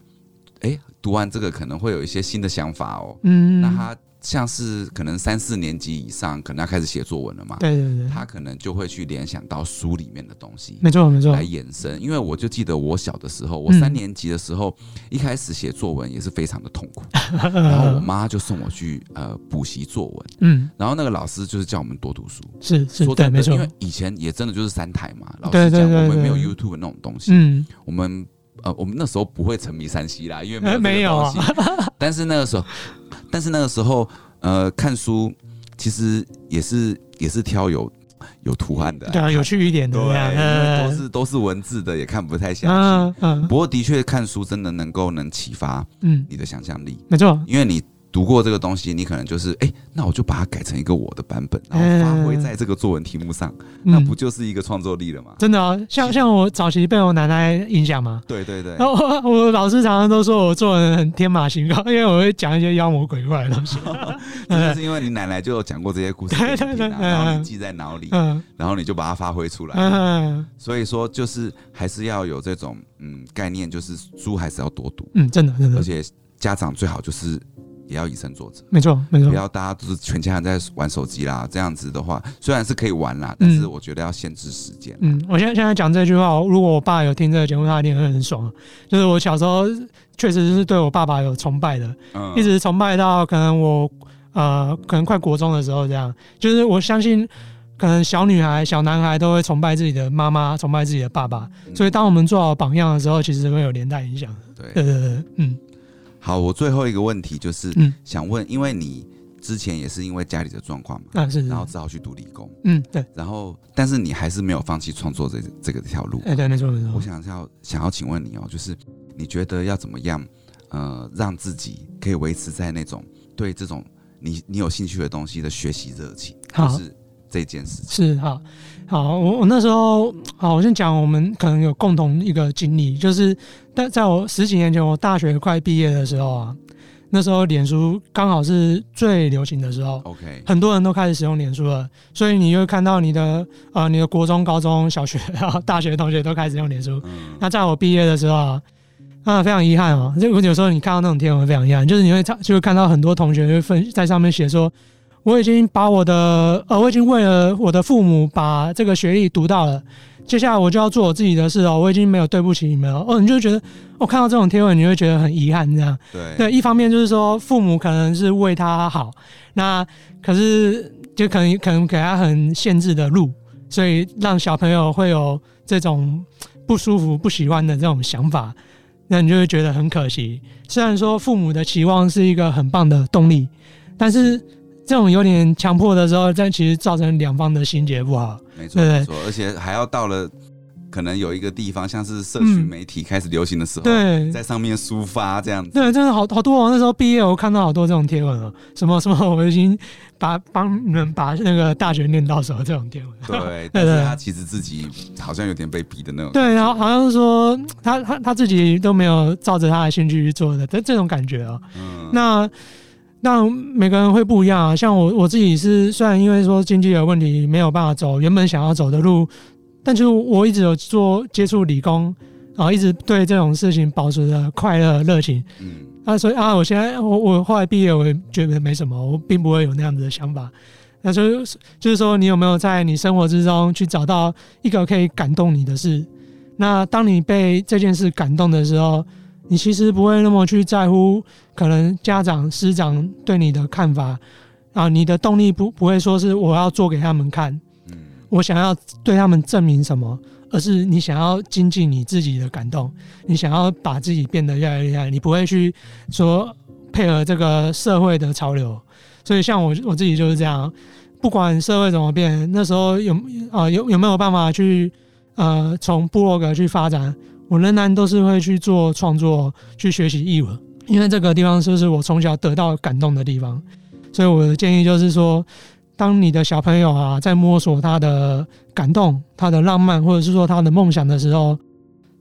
哎，讀完這個可能會有一些新的想法哦。嗯，那他像是可能三四年級以上，可能要開始寫作文了嘛？對對對，他可能就會去聯想到書裡面的東西。沒錯沒錯，來延伸。因為我就記得我小的時候，我三年級的時候，嗯、一開始寫作文也是非常的痛苦。嗯、然後我媽就送我去呃補習作文。嗯，然後那個老師就是叫我們多讀書。是是，說真的，對沒錯，因為以前也真的就是三台嘛，老師講對對對對對，我們沒有 YouTube 那種東西。嗯，我們。呃，我們那時候不會沉迷 3C 啦，因為沒有，呃。沒有，啊。但是那個時候， *laughs* 但是那個時候，呃，看書其實也是也是挑有有圖案的，對，啊，有趣一點的。對，嗯、都是、嗯、都是文字的，也看不太下去。嗯。不過的確，看書真的能夠能啟發，嗯，你的想象力。沒錯，因為你。讀過這個東西，你可能就是哎、欸，那我就把它改成一個我的版本，然後發揮在這個作文題目上，哎、那不就是一個創作力了嗎？真的啊，像像我早期被我奶奶影響嗎？對對對、哦我。我老師常常都說我作文很天馬行空，因為我會講一些妖魔鬼怪的東西。哦、這是因為你奶奶就講過這些故事、啊對對對對哎，然後你記在腦裡、哎，然後你就把它發揮出來、哎。所以說，就是還是要有這種嗯概念，就是書還是要多讀。嗯，真的真的。而且家長最好就是。也要以身作則。沒錯，沒錯。不要大家就是全家人在玩手機啦，這樣子的話，雖然是可以玩啦，嗯、但是我覺得要限制時間。嗯，我現在現在講這句話，如果我爸有聽這個節目，他一定會很爽。就是我小時候確實是對我爸爸有崇拜的，嗯、一直崇拜到可能我呃，可能快國中的時候這樣。就是我相信，可能小女孩、小男孩都會崇拜自己的媽媽，崇拜自己的爸爸。所以，當我們做好榜樣的時候，其實會有連帶影響、嗯。對，對，對，嗯。好，我最後一個問題就是，嗯，想問，因為你之前也是因為家裡的狀況嘛，啊是是，然後只好去讀理工，嗯對，然後但是你還是沒有放棄創作這這個這條路，哎，欸，對沒錯沒錯，我想要想要請問你哦，喔，就是你覺得要怎麼樣，呃，讓自己可以維持在那種對這種你你有興趣的東西的學習熱情，就是這件事情是好。好，我我那時候，好，我先講，我們可能有共同一個經歷，就是在在我十幾年前，我大學快畢業的時候啊，那時候臉書剛好是最流行的時候，OK，很多人都開始使用臉書了，所以你就會看到你的啊、呃，你的國中、高中、小學啊、大學同學都開始用臉書、嗯，那在我畢業的時候啊，啊，非常遺憾哦，就我有時候你看到那種貼文，非常遺憾，就是你會看，就會、是、看到很多同學會分在上面寫說。我已經把我的呃，我已經為了我的父母把這個學歷讀到了，接下來我就要做我自己的事哦、喔。我已經沒有對不起你們了哦。你就覺得我、哦、看到這種貼文，你會覺得很遺憾，這樣對對。那一方面就是說父母可能是為他好，那可是就可能可能給他很限制的路，所以讓小朋友會有這種不舒服、不喜歡的這種想法，那你就會覺得很可惜。雖然說父母的期望是一個很棒的動力，但是。這種有點強迫的時候，但其實造成兩方的心結不好。沒錯，沒錯，而且還要到了可能有一個地方，像是社群媒體開始流行的時候、嗯，對，在上面抒發這樣子。對，真的好好多哦、喔。那時候畢業，我看到好多這種貼文哦、喔，什麼什麼我已經把幫你們把那個大學念到手這種貼文。對，但是他其實自己好像有點被逼的那種。對，然後好像是說他他他自己都沒有照着他的興趣去做的，這這種感覺哦、喔。嗯，那。那每個人會不一樣啊，像我我自己是，雖然因為說經濟的問題沒有辦法走原本想要走的路，但就我一直有做接觸理工，然後，啊，一直對這種事情保持着快樂熱情。嗯，啊，所以啊，我現在我我後來畢業，我也覺得沒什麼，我並不會有那樣子的想法。那就是就是說，你有沒有在你生活之中去找到一個可以感動你的事？那當你被這件事感動的時候，你其實不會那麼去在乎，可能家長、師長對你的看法啊、呃，你的動力不不會說是我要做給他們看，我想要對他們證明什麼，而是你想要精進，你自己的感動，你想要把自己變得越來越厲害，你不會去說配合這個社會的潮流，所以像我我自己就是這樣，不管社會怎麼變，那時候有啊、呃、有有沒有辦法去呃從部落格去發展？我仍然都是會去做創作，去學習藝文，因為這個地方就是，是我從小得到感動的地方。所以我的建議就是說，當你的小朋友啊在摸索他的感動、他的浪漫，或者是說他的夢想的時候，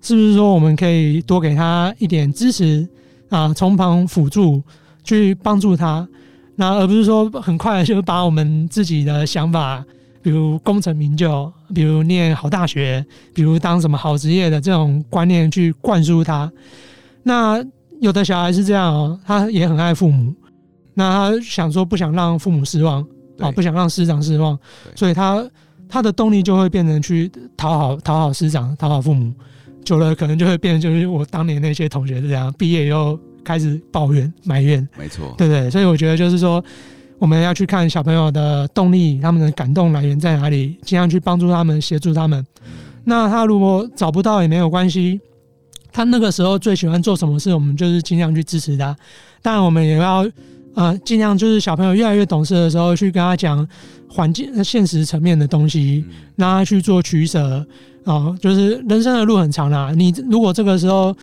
是不是說我們可以多給他一點支持啊，從旁輔助去幫助他，那而不是說很快就把我們自己的想法。比如功成名就，比如念好大學，比如當什麼好職業的這種觀念去灌輸他。那有的小孩是這樣哦，他也很愛父母，那他想說不想讓父母失望啊，不想讓師長失望，所以他他的動力就會變成去討好討好師長、討好父母。久了可能就會變成，就是我當年那些同學是這樣，畢業以後開始抱怨埋怨。沒錯，對對對，所以我覺得就是說。我們要去看小朋友的動力，他們的感動來源在哪裡？盡量去幫助他們，協助他們。那他如果找不到也沒有關係，他那個時候最喜歡做什麼事，我們就是盡量去支持他。當然，我們也要啊，呃盡量就是小朋友越來越懂事的時候，去跟他講環境、現實層面的東西，讓他去做取捨啊、呃。就是人生的路很長啦，你如果這個時候。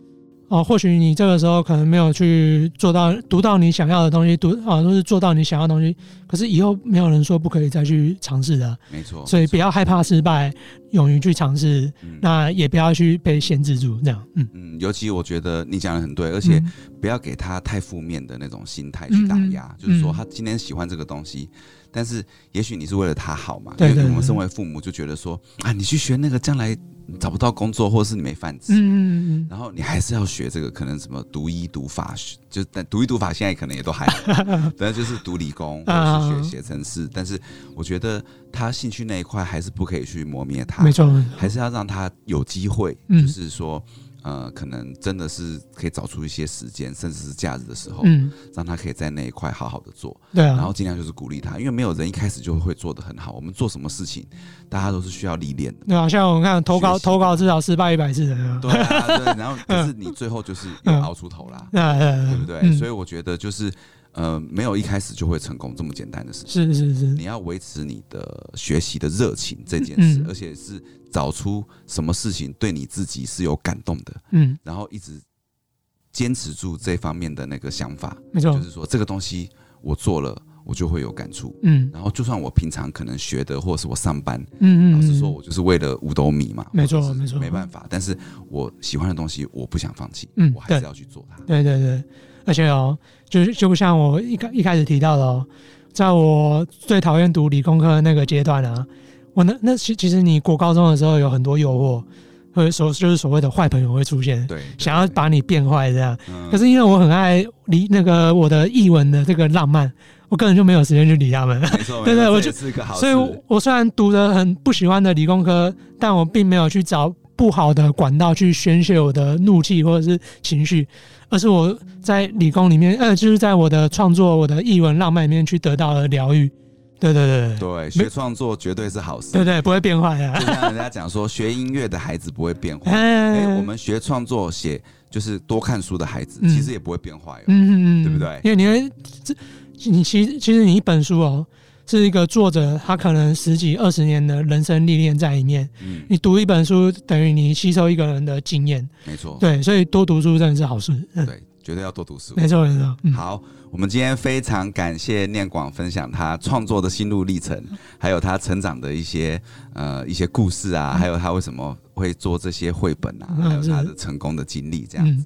哦，或許你這個時候可能沒有去做到讀到你想要的東西，讀啊，都是做到你想要的東西。可是以後沒有人說不可以再去嘗試的，沒錯。所以不要害怕失敗，勇於去嘗試、嗯，那也不要去被限制住。這樣，嗯嗯，尤其我覺得你講的很對，而且不要給他太負面的那種心態去打壓、嗯，就是說他今天喜歡這個東西，嗯、但是也許你是為了他好嘛。對對對，對。我們身為父母就覺得說啊，你去學那個將來。找不到工作，或是你沒飯吃，嗯，嗯，嗯，然後你還是要學這個，可能什麼讀醫、讀法學，就但讀醫、讀法現在可能也都還好，反 *laughs* 正就是讀理工或者是學寫程式、嗯，但是我覺得他興趣那一塊還是不可以去磨滅他，沒錯，還是要讓他有機會，嗯、就是說。呃，可能真的是可以找出一些時間，甚至是假日的時候、嗯，讓他可以在那一塊好好的做。對、啊，然後盡量就是鼓勵他，因為沒有人一開始就會做得很好。我們做什麼事情，大家都是需要歷練的。對啊，像我們看投稿，投稿至少失敗一百次。對啊，對。然後，但是你最後就是熬出頭啦、 *laughs* 嗯，對不對？所以我覺得就是。呃，沒有一開始就會成功這麼簡單的事情。是是是，你要維持你的學習的熱情這件事，嗯、而且是找出什麼事情對你自己是有感動的。嗯，然後一直堅持住這方面的那個想法。沒錯，就是說這個東西我做了，我就會有感觸。嗯，然後就算我平常可能學的，或者是我上班，嗯嗯，嗯，嗯、老實說我就是為了五斗米嘛。沒錯沒錯，沒辦法。但是我喜歡的東西，我不想放棄。嗯，我還是要去做它。對對對、對。而且哦，就是就不像我一開一開始提到的哦，在我最討厭讀理工科那個階段啊，我那那其其實你國高中的時候有很多誘惑，會所就是所謂的壞朋友會出現，對，對，想要把你變壞這樣。是嗯、可是因為我很愛理那個我的藝文的這個浪漫，我根本就沒有時間去理他們。 *laughs* 對對，對，我就，所以我，我雖然讀的很不喜歡的理工科，但我並沒有去找。不好的管道去宣洩我的怒氣或者是情緒，而是我在理工裡面，呃，就是在我的創作、我的藝文、浪漫裡面去得到了療癒。對對對對，學創作絕對是好事，對，對對，不會變壞呀。就像人家講說， *laughs* 學音樂的孩子不會變壞，哎，哎，哎，哎、欸，我們學創作寫就是多看書的孩子，嗯、其實也不會變壞，嗯嗯對不對？因為你看，這你其實其實你一本書哦、喔。是一個作者，他可能十幾二十年的人生歷練在裡面。嗯。你讀一本書，等於你吸收一個人的經驗。沒錯，對，所以多讀書真的是好事。對，絕對要多讀書。沒錯，沒錯。嗯。好，我們今天非常感謝念廣分享他創作的心路歷程。嗯，還有他成長的一些呃一些故事啊。嗯，還有他為什麼會做這些繪本啊。嗯，還有他的成功的經歷這樣子。嗯。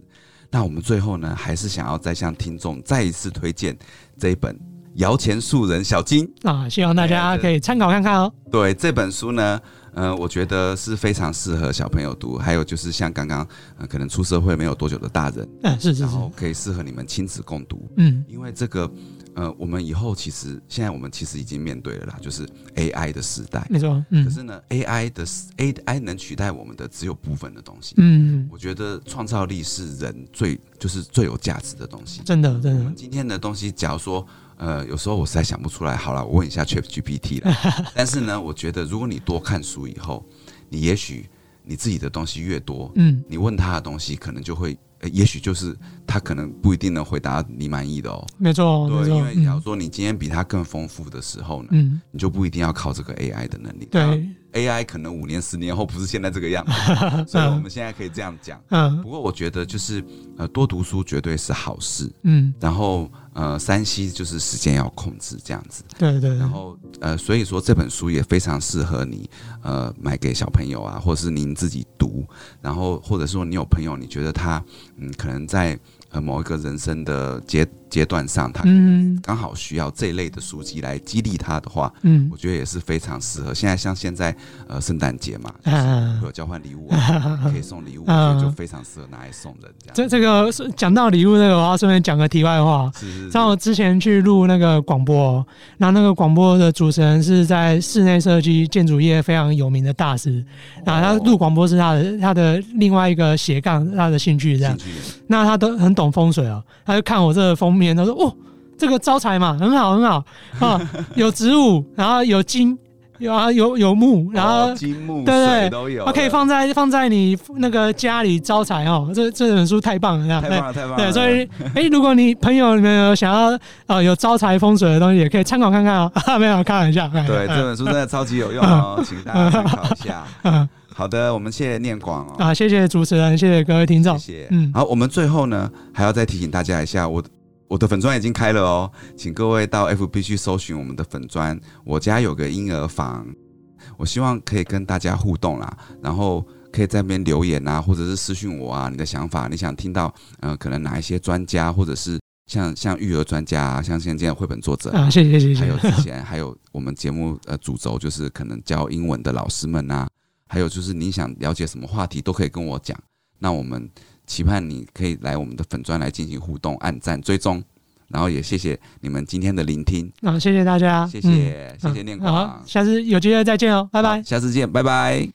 那我們最後呢，還是想要再向聽眾再一次推薦這一本。搖錢樹人小金啊，希望大家可以參考看看哦、喔。對這本書呢，呃我覺得是非常適合小朋友讀，還有就是像剛剛、呃、可能出社會沒有多久的大人，嗯、欸，是是是，然後可以適合你們親子共讀，嗯，因為這個，呃，我們以後其實現在我們其實已經面對了啦，就是 AI 的時代，沒錯、嗯，可是呢，AI 的 AI 能取代我們的只有部分的東西，嗯，我覺得創造力是人最就是最有價值的東西，真的真的，我們今天的東西，假如說。呃，有時候我實在想不出來。好了，我問一下 Chat GPT 了。 *laughs* 但是呢，我覺得如果你多看書以後，你也許你自己的東西越多，嗯，你問他的東西可能就會，欸、也許就是他可能不一定能回答你滿意的哦、喔。沒錯，對、沒錯，因為假如說你今天比他更豐富的時候呢、嗯，你就不一定要靠這個 AI 的能力。對、啊，AI 可能五年、十年後不是現在這個樣子、 *laughs* 嗯，所以我們現在可以這樣講。嗯，不過我覺得就是呃，多讀書絕對是好事。嗯，然後。呃，3C 就是時間要控制這樣子，對對、對。然後呃，所以說，這本書也非常適合你，呃，買給小朋友啊，或者是您自己讀。然後或者說你有朋友，你覺得他嗯，可能在呃某一個人生的階段。階段上，他剛好需要這一類的書籍來激勵他的話，嗯，我覺得也是非常適合。現在像現在呃，聖誕節嘛，有交換禮物、啊，可以送禮物，就非常適合拿來送人。這這這個是講到禮物那個，我要順便講個題外話。是是，像我之前去錄那個廣播，喔，那那個廣播的主持人是在室內設計建築業非常有名的大師，然後，他錄廣播是他的他的另外一個斜槓，他的興趣這樣。那他都很懂風水哦，他就看我這個封面。說哦，這個招財嘛，很好很好啊，哦、 *laughs* 有植物，然後有金，有啊有有木，然後、哦、金木對對，對都有、啊，可以放在放在你那個家裡招財哦。這這本書太棒了，太棒了太棒了對。對，所以哎、欸，如果你朋友裡面有想要啊、呃、有招財風水的東西，也可以參考看看、哦、啊。沒有開玩笑，對、呃、這本書真的超級有用哦，呃呃呃呃、請大家參考一下。嗯、呃呃呃，好的，我們謝謝念廣啊、哦呃，謝謝主持人，謝謝各位聽眾，謝謝。嗯，好，我們最後呢還要再提醒大家一下，我。我的粉專已經開了哦，請各位到 FB 去搜尋我們的粉專。我家有個英兒房，我希望可以跟大家互動啦，然後可以在那邊留言啊，或者是私訊我啊，你的想法，你想聽到，嗯、呃，可能哪一些專家，或者是像像育兒專家啊，像現在這樣繪本作者啊，謝謝謝謝，還有之前 *laughs* 還有我們節目呃主軸就是可能教英文的老師們啊，還有就是你想了解什麼話題都可以跟我講，那我們。期盼你可以來我們的粉專來進行互動、按讚、追蹤，然後也謝謝你們今天的聆聽。那、嗯、謝謝大家，謝謝、嗯、謝謝念廣、嗯、下次有機會再見哦，拜拜，下次見，拜拜。